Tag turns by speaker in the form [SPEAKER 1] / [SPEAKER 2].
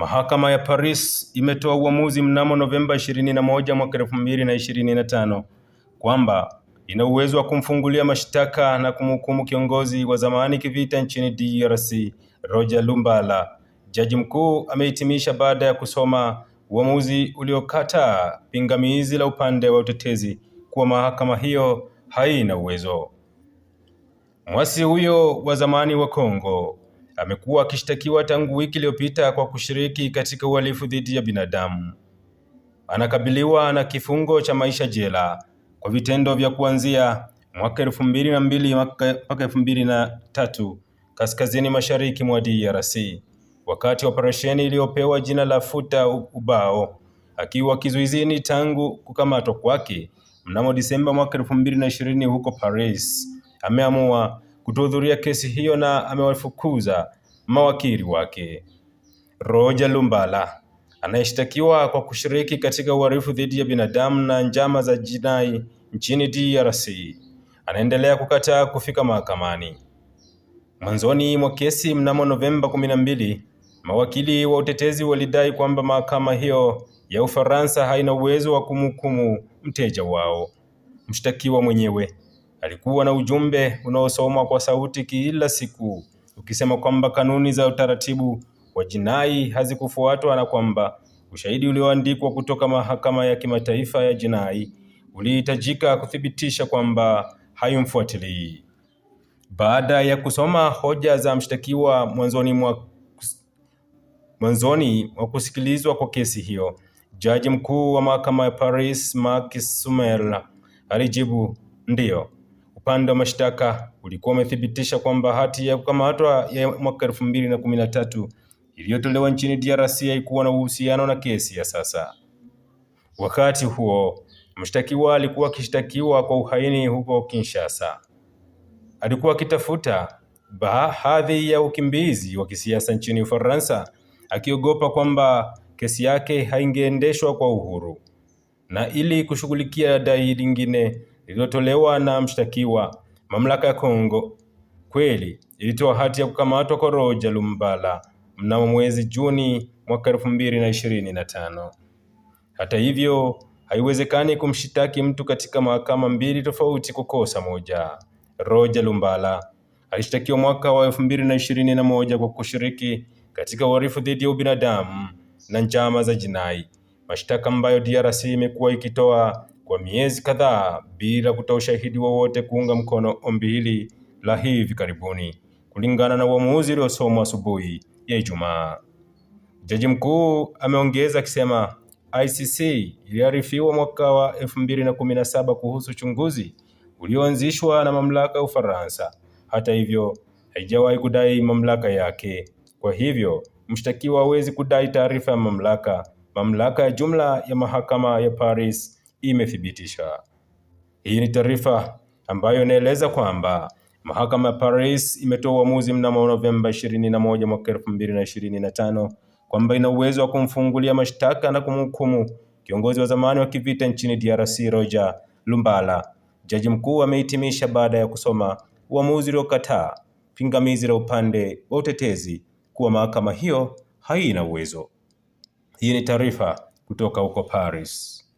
[SPEAKER 1] Mahakama ya Paris imetoa uamuzi mnamo Novemba 21 mwaka 2025 kwamba ina uwezo wa kumfungulia mashtaka na kumhukumu kiongozi wa zamani kivita nchini DRC Roger Lumbala. Jaji mkuu amehitimisha baada ya kusoma uamuzi uliokata pingamizi la upande wa utetezi kuwa mahakama hiyo haina uwezo. Mwasi huyo wa zamani wa Kongo amekuwa akishtakiwa tangu wiki iliyopita kwa kushiriki katika uhalifu dhidi ya binadamu. Anakabiliwa na kifungo cha maisha jela kwa vitendo vya kuanzia mwaka elfu mbili na mbili mpaka elfu mbili na tatu kaskazini mashariki mwa DRC wakati wa operesheni iliyopewa jina la Futa Ubao, akiwa kizuizini tangu kukamatwa kwake mnamo Disemba mwaka elfu mbili na ishirini huko Paris, ameamua kutohudhuria kesi hiyo na amewafukuza mawakili wake. Roger Lumbala anayeshtakiwa kwa kushiriki katika uhalifu dhidi ya binadamu na njama za jinai nchini DRC anaendelea kukataa kufika mahakamani. Mwanzoni mwa kesi mnamo Novemba 12, mawakili wa utetezi walidai kwamba mahakama hiyo ya Ufaransa haina uwezo wa kumhukumu mteja wao. Mshtakiwa mwenyewe alikuwa na ujumbe unaosomwa kwa sauti kila siku ukisema kwamba kanuni za utaratibu wa jinai hazikufuatwa na kwamba ushahidi ulioandikwa kutoka mahakama ya kimataifa ya jinai ulihitajika kuthibitisha kwamba hayumfuatilii. Baada ya kusoma hoja za mshtakiwa mwanzoni mwa mwanzoni wa kusikilizwa kwa kesi hiyo, jaji mkuu wa mahakama ya Paris Marc Sumer alijibu ndiyo. Upande wa mashtaka ulikuwa umethibitisha kwamba hati ya kukamatwa ya mwaka elfu mbili na kumi na tatu iliyotolewa nchini DRC haikuwa na uhusiano na kesi ya sasa. Wakati huo mshtakiwa alikuwa akishtakiwa kwa uhaini huko Kinshasa. Alikuwa akitafuta hadhi ya ukimbizi wa kisiasa nchini Ufaransa, akiogopa kwamba kesi yake haingeendeshwa kwa uhuru, na ili kushughulikia dai lingine lililotolewa na mshtakiwa, mamlaka ya Kongo kweli ilitoa hati ya kukamatwa kwa Roger Lumbala mnamo mwezi Juni mwaka elfu mbili na ishirini na tano. Hata hivyo haiwezekani kumshitaki mtu katika mahakama mbili tofauti kukosa moja. Roger Lumbala alishtakiwa mwaka wa elfu mbili na ishirini na moja kwa kushiriki katika uhalifu dhidi ya ubinadamu na njama za jinai, mashtaka ambayo DRC imekuwa ikitoa kwa miezi kadhaa bila kutoa ushahidi wowote kuunga mkono ombi hili la hivi karibuni, kulingana na uamuzi uliosomwa asubuhi ya Ijumaa. Jaji mkuu ameongeza akisema ICC iliarifiwa mwaka wa 2017 kuhusu uchunguzi ulioanzishwa na mamlaka ya Ufaransa. Hata hivyo, haijawahi kudai mamlaka yake. Kwa hivyo, mshtakiwa hawezi kudai taarifa ya mamlaka. Mamlaka ya jumla ya mahakama ya Paris imethibitisha. Hii ni taarifa ambayo inaeleza kwamba mahakama ya Paris imetoa uamuzi mnamo Novemba 21 mwaka 2025 kwamba ina uwezo wa kumfungulia mashtaka na kumhukumu kiongozi wa zamani wa kivita nchini DRC Roger Lumbala. Jaji mkuu amehitimisha baada ya kusoma uamuzi uliokataa pingamizi la upande wa utetezi kuwa mahakama hiyo haina uwezo. Hii ni taarifa kutoka huko Paris.